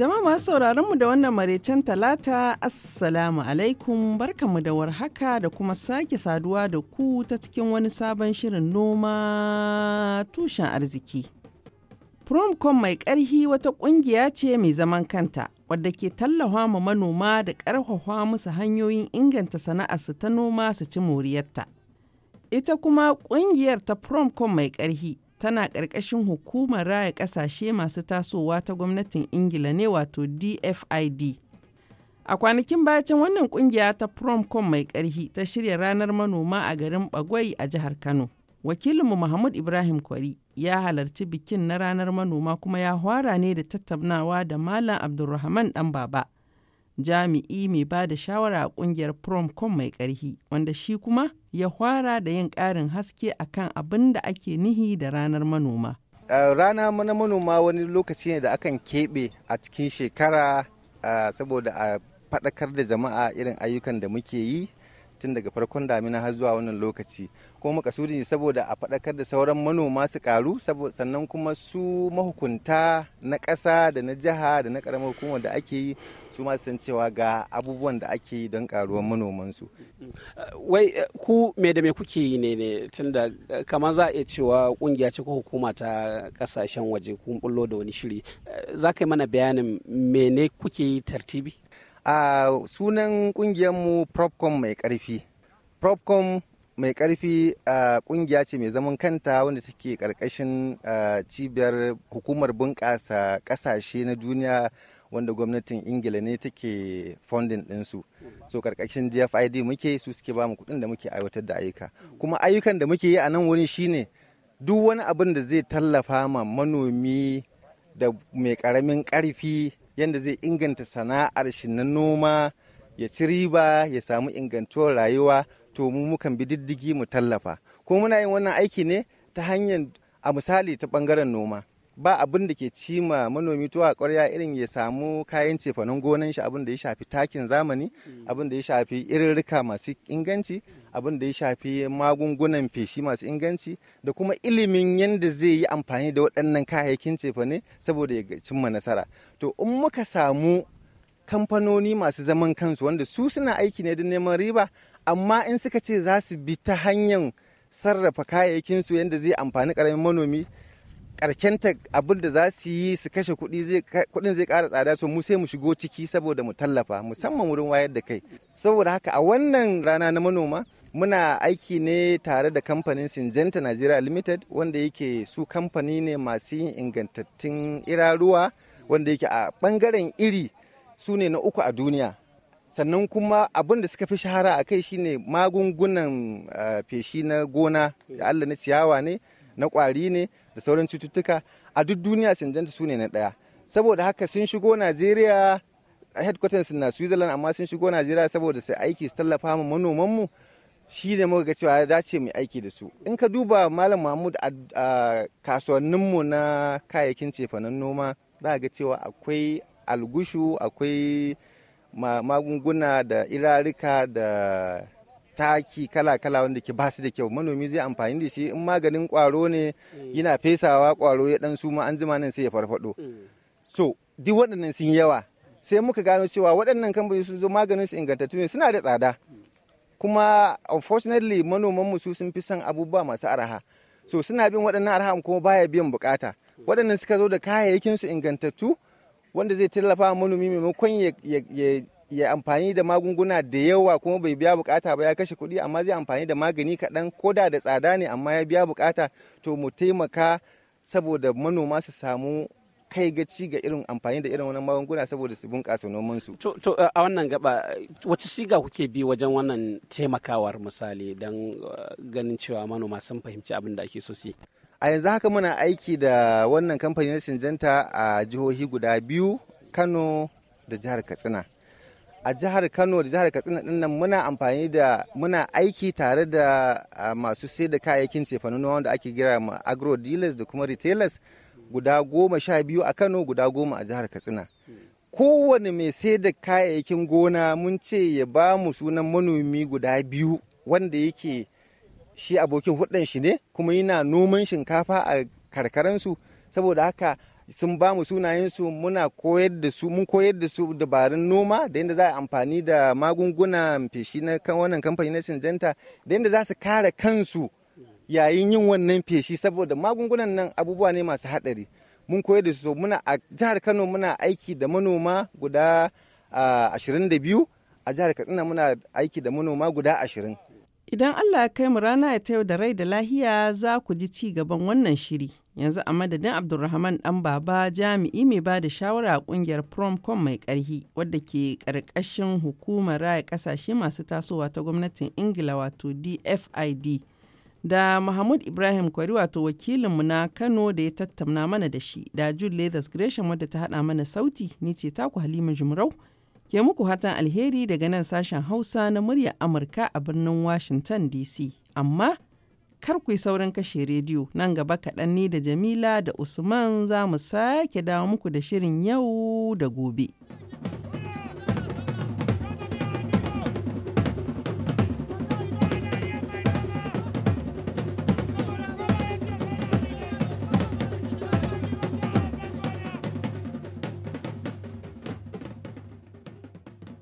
Jama'a masu sauraron mu da wannan maraicen talata assalamu alaikum barkanmu da warhaka da kuma sake saduwa da ku ta cikin wani sabon shirin noma tushen arziki. Promcom mai ƙarfi wata ƙungiya ce mai zaman kanta wadda ke tallafa ma manoma da ƙarfafa musu hanyoyin inganta sana'arsu ta noma su ci moriyarta. Ita kuma ƙungiyar ta Promcom mai ƙarhi tana ƙarƙashin hukumar raya ƙasashe masu tasowa ta gwamnatin ingila ne wato dfid a kwanakin bacin wannan kungiya ta promcom mai ƙarhi ta shirya ranar manoma a garin bagwai a jihar kano wakilinmu mahmud ibrahim kwari ya halarci bikin na ranar manoma kuma ya hwara ne da tattaunawa da malam abdulrahman dan baba jami'i mai ba da shawara a kungiyar promcom mai karhi wanda shi kuma ya hwara da yin karin haske akan abin da ake nihi da ranar manoma rana na manoma wani lokaci ne da akan keɓe a cikin shekara saboda a faɗakar da jama'a irin ayyukan da muke yi tun daga farkon damina har zuwa wannan lokaci kuma makasudi saboda a faɗakar da sauran manoma su karu sannan kuma su mahukunta na ƙasa da na jiha da na ƙaramar hukumar da ake yi su ma san cewa ga abubuwan da ake yi don karuwar manomansu. wai eh, ku me da me kuke yi ne tun da eh, kamar za a iya cewa kungiya ce ko hukuma ta kasashen waje kun bullo da wani shiri eh, za ka yi mana bayanin mene kuke yi tartibi a sunan mu propcom mai karfi propcom mai karfi a kungiya ce mai zaman kanta wanda take karkashin cibiyar hukumar bunƙasa ƙasashe na duniya wanda gwamnatin ingila ne take funding ɗinsu so karkashin gfid muke su suke bamu kuɗin da muke aiwatar da ayyuka kuma ayyukan da muke yi a nan wurin shine duk wani abin da zai tallafa ma manomi da mai ƙaramin ƙarfi yadda zai inganta sana'ar shi na noma ya ci riba ya samu ingantuwar rayuwa to mu mukan bi diddigi mu tallafa ko muna yin wannan aiki ne ta hanyar a misali ta ɓangaren noma ba abin da ke cima manomi tuwa ƙwarya irin ya samu kayan cefanen gonan shi abin da ya shafi takin zamani mm. abin da ya shafi rika masu inganci mm. abin da ya shafi magungunan feshi masu inganci da kuma ilimin yadda zai yi amfani da waɗannan kayayyakin cefane saboda ya cimma nasara to in muka samu kamfanoni masu zaman kansu wanda su suna aiki ne da neman riba amma in suka ce za su bi ta hanyar sarrafa kayayyakinsu yadda zai amfani ƙaramin manomi karkenta abin da za su yi su kashe kuɗin zai ƙara tsada to mu sai mu shigo ciki saboda mu tallafa musamman wurin wayar da kai saboda haka a wannan rana na manoma muna aiki ne tare da kamfanin Syngenta Nigeria Limited wanda yake su kamfani ne masu yin ingantattun iraruwa wanda yake a bangaren iri su ne na uku a duniya sannan kuma abin da suka fi shahara a kai shine magungunan eh, feshi na gona da Allah na ciyawa ne na kwari ne da sauran cututtuka a duk duniya sinjanta su ne na ɗaya saboda haka sun shigo najeriya headquarters na switzerland amma sun shigo najeriya saboda su aiki su tallafa mu manomanmu shi ne muka ga cewa ya dace mu aiki da su in ka duba malam mahmud a kasuwannin mu na kayayyakin cefanen noma za ga cewa akwai algushu akwai magunguna da irarika da taki kala-kala wanda ke basu da kyau manomi zai amfani da shi in maganin kwaro ne mm. yana fesawa kwaro ya dan suma an zima nan sai ya farfado mm. so duk waɗannan sun yawa sai muka gano cewa waɗannan kamfani sun zo maganin su ingantattu ne suna da tsada kuma unfortunately manoman mu su sun fi son abubuwa masu araha so suna bin waɗannan arha kuma baya biyan bukata waɗannan suka zo da kayayyakin su ingantattu wanda zai tallafa manomi maimakon ya ya amfani da magunguna da yawa kuma bai biya bukata ba ya kashe kuɗi amma zai amfani da magani kaɗan ko da tsada ne amma ya biya bukata to mu taimaka saboda manoma su samu kai gaci ga irin amfani da irin wannan magunguna saboda su bunƙasa noman su. To a wannan gaba wace shiga kuke bi wajen wannan taimakawar misali don uh, ganin cewa manoma sun fahimci abin da ake so su A yanzu haka muna aiki da wannan kamfanin Sinjanta a jihohi guda biyu Kano da jihar Katsina. a jihar kano da jihar katsina din nan muna amfani da muna aiki tare da masu sai da kayayyakin cefanu wanda ake gira ma agro dealers da kuma retailers guda goma sha biyu a kano guda goma a jihar katsina kowane mai sai da kayayyakin gona mun ce ya ba mu sunan manomi guda biyu wanda yake shi abokin hudan shi ne kuma yana noman shinkafa a karkaransu saboda haka sun ba mu sunayensu muna koyar da su mun koyar da su dabarun noma da yadda za a amfani da magungunan feshi na kan wannan kamfani na Syngenta da yadda za su kare kansu yayin yin wannan feshi saboda magungunan nan abubuwa ne masu haɗari mun koyar da su muna a jihar Kano muna aiki da manoma guda ah, ashirin a jihar Katsina muna aiki da manoma guda ashirin Idan Allah ya kai mu rana ya ta yau da rai da lahiya za ku ji ci gaban wannan shiri. Yanzu a madadin Abdulrahman ɗan baba jami'i mai ba da shawara a ƙungiyar Promcom mai ƙarhi wadda ke ƙarƙashin hukumar raya ƙasashe masu tasowa ta gwamnatin Ingila wato DFID. Da Mahmud Ibrahim Kwari wato wakilinmu na Kano da ya tattauna mana da shi da Jude Lathers Gresham wadda ta haɗa mana sauti ni ce taku Halima Jumrau. Ke muku hatan alheri daga nan sashen Hausa na muryar Amurka a birnin Washington DC. Amma kar ku yi saurin kashe rediyo nan gaba kaɗan ni da Jamila da Usman za mu sake dawo muku da shirin yau da gobe.